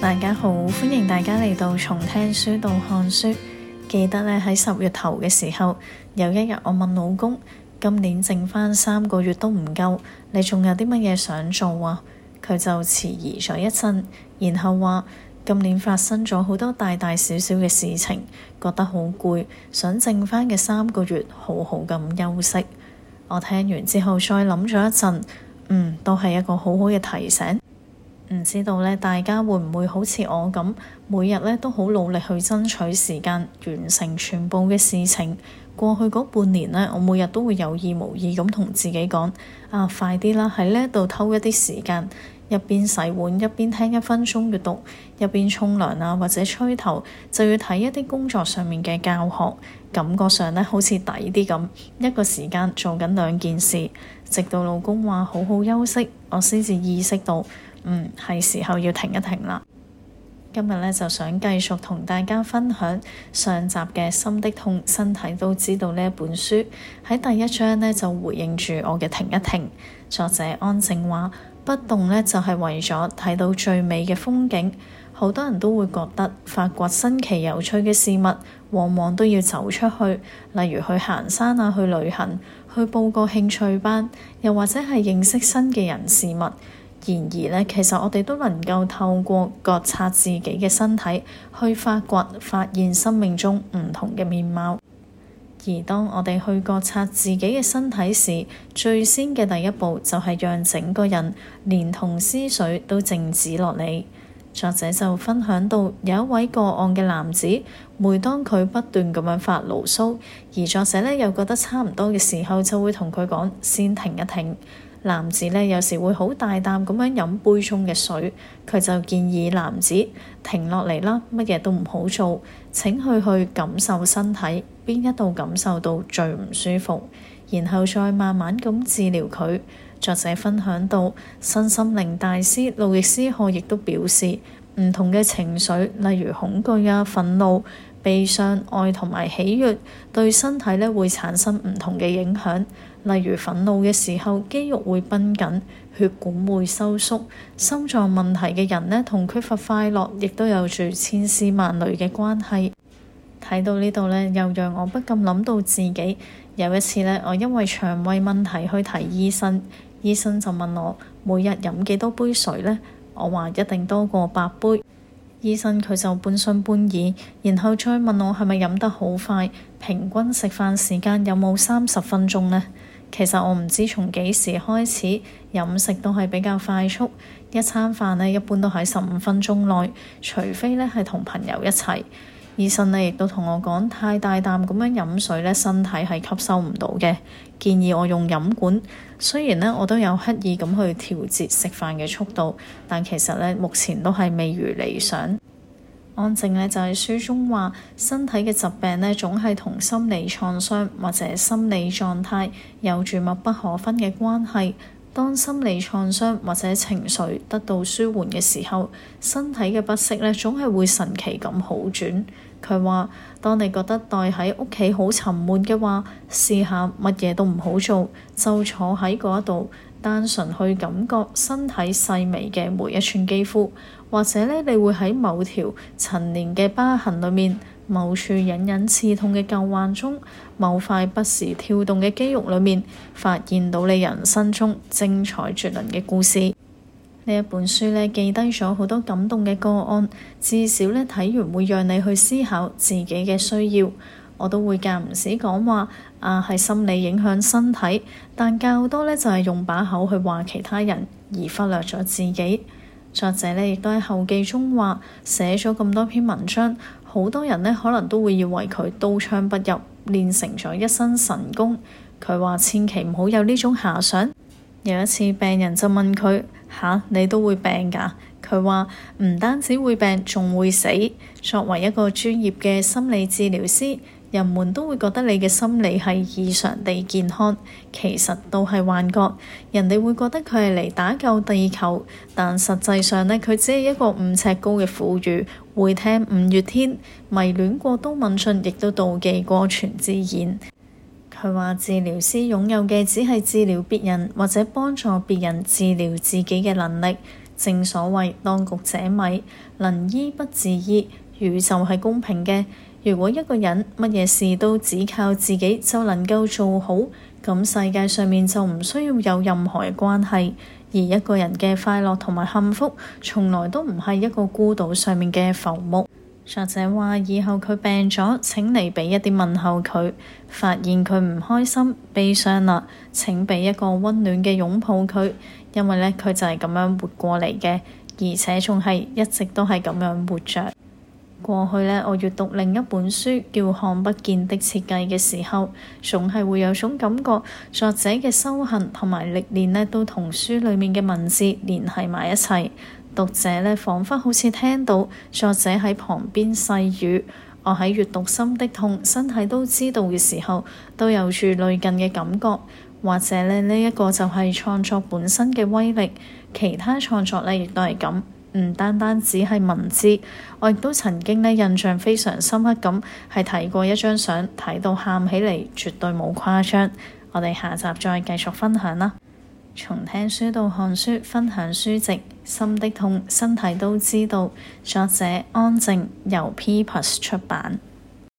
大家好，歡迎大家嚟到從聽書到看書。記得呢喺十月頭嘅時候，有一日我問老公：今年剩翻三個月都唔夠，你仲有啲乜嘢想做啊？佢就遲疑咗一陣，然後話：今年發生咗好多大大小小嘅事情，覺得好攰，想剩翻嘅三個月好好咁休息。我聽完之後再諗咗一陣，嗯，都係一個好好嘅提醒。唔知道咧，大家會唔會好似我咁，每日咧都好努力去爭取時間完成全部嘅事情？過去嗰半年咧，我每日都會有意無意咁同自己講：啊，快啲啦，喺呢度偷一啲時間，一邊洗碗一邊聽一分鐘閱讀，一邊沖涼啊，或者吹頭，就要睇一啲工作上面嘅教學。感覺上咧好似抵啲咁，一個時間做緊兩件事，直到老公話好好休息，我先至意識到。嗯，係時候要停一停啦。今日咧就想繼續同大家分享上集嘅《心的痛，身體都知道》呢一本書。喺第一章咧就回應住我嘅停一停。作者安靜話不動咧就係為咗睇到最美嘅風景。好多人都會覺得發掘新奇有趣嘅事物，往往都要走出去，例如去行山啊，去旅行，去報個興趣班，又或者係認識新嘅人事物。然而呢，其實我哋都能夠透過覺察自己嘅身體，去發掘、發現生命中唔同嘅面貌。而當我哋去覺察自己嘅身體時，最先嘅第一步就係讓整個人連同思緒都靜止落嚟。作者就分享到有一位個案嘅男子，每當佢不斷咁樣發牢騷，而作者呢又覺得差唔多嘅時候，就會同佢講：先停一停。男子呢，有時會好大啖咁樣飲杯中嘅水，佢就建議男子停落嚟啦，乜嘢都唔好做，請佢去感受身體邊一度感受到最唔舒服，然後再慢慢咁治療佢。作者分享到，身心靈大師路易斯賀亦都表示，唔同嘅情緒，例如恐懼啊、憤怒、悲傷、愛同埋喜悅，對身體呢會產生唔同嘅影響。例如憤怒嘅時候，肌肉會繃緊，血管會收縮。心臟問題嘅人呢，同缺乏快樂亦都有住千絲萬縷嘅關係。睇到呢度呢，又讓我不禁諗到自己有一次呢，我因為腸胃問題去睇醫生，醫生就問我每日飲幾多杯水呢？我話一定多過八杯。醫生佢就半信半疑，然後再問我係咪飲得好快，平均食飯時間有冇三十分鐘呢？其實我唔知從幾時開始飲食都係比較快速，一餐飯咧一般都喺十五分鐘內，除非咧係同朋友一齊。醫生咧亦都同我講太大啖咁樣飲水咧，身體係吸收唔到嘅，建議我用飲管。雖然咧我都有刻意咁去調節食飯嘅速度，但其實咧目前都係未如理想。安靜呢，就係書中話，身體嘅疾病呢，總係同心理創傷或者心理狀態有住密不可分嘅關係。當心理創傷或者情緒得到舒緩嘅時候，身體嘅不適呢，總係會神奇咁好轉。佢話，當你覺得待喺屋企好沉悶嘅話，試下乜嘢都唔好做，就坐喺嗰度。單純去感覺身體細微嘅每一寸肌膚，或者咧你會喺某條陳年嘅疤痕裏面，某處隱隱刺痛嘅舊患中，某塊不時跳動嘅肌肉裏面，發現到你人生中精彩絕倫嘅故事。呢一本書咧，記低咗好多感動嘅個案，至少咧睇完會讓你去思考自己嘅需要。我都會間唔時講話，啊係心理影響身體，但較多呢就係用把口去話其他人，而忽略咗自己。作者呢亦都喺後記中話寫咗咁多篇文章，好多人呢可能都會以為佢刀槍不入，練成咗一身神功。佢話：千祈唔好有呢種遐想。有一次病人就問佢，嚇你都會病㗎？佢話唔單止會病，仲會死。作為一個專業嘅心理治療師。人們都會覺得你嘅心理係異常地健康，其實都係幻覺。人哋會覺得佢係嚟打救地球，但實際上呢，佢只係一個五尺高嘅腐乳，會聽五月天，迷戀過都敏俊，亦都妒忌過全智賢。佢話：治療師擁有嘅只係治療別人或者幫助別人治療自己嘅能力，正所謂當局者迷，能醫不自醫。宇宙係公平嘅。如果一個人乜嘢事都只靠自己就能夠做好，咁世界上面就唔需要有任何嘅關係。而一個人嘅快樂同埋幸福，從來都唔係一個孤島上面嘅浮木。作者話：以後佢病咗，請你畀一啲問候佢；發現佢唔開心、悲傷啦，請畀一個温暖嘅擁抱佢。因為呢，佢就係咁樣活過嚟嘅，而且仲係一直都係咁樣活着。過去咧，我閲讀另一本書叫《看不見的設計》嘅時候，總係會有種感覺，作者嘅修行同埋歷練咧，都同書裡面嘅文字連係埋一齊。讀者呢，彷彿好似聽到作者喺旁邊細語。我喺閲讀《心的痛》，身體都知道嘅時候，都有住類近嘅感覺。或者咧，呢、這、一個就係創作本身嘅威力，其他創作呢，亦都係咁。唔單單只係文字，我亦都曾經咧印象非常深刻咁，係睇過一張相，睇到喊起嚟，絕對冇誇張。我哋下集再繼續分享啦。從聽書到看書，分享書籍，心的痛，身體都知道。作者安靜，由 P. Plus 出版。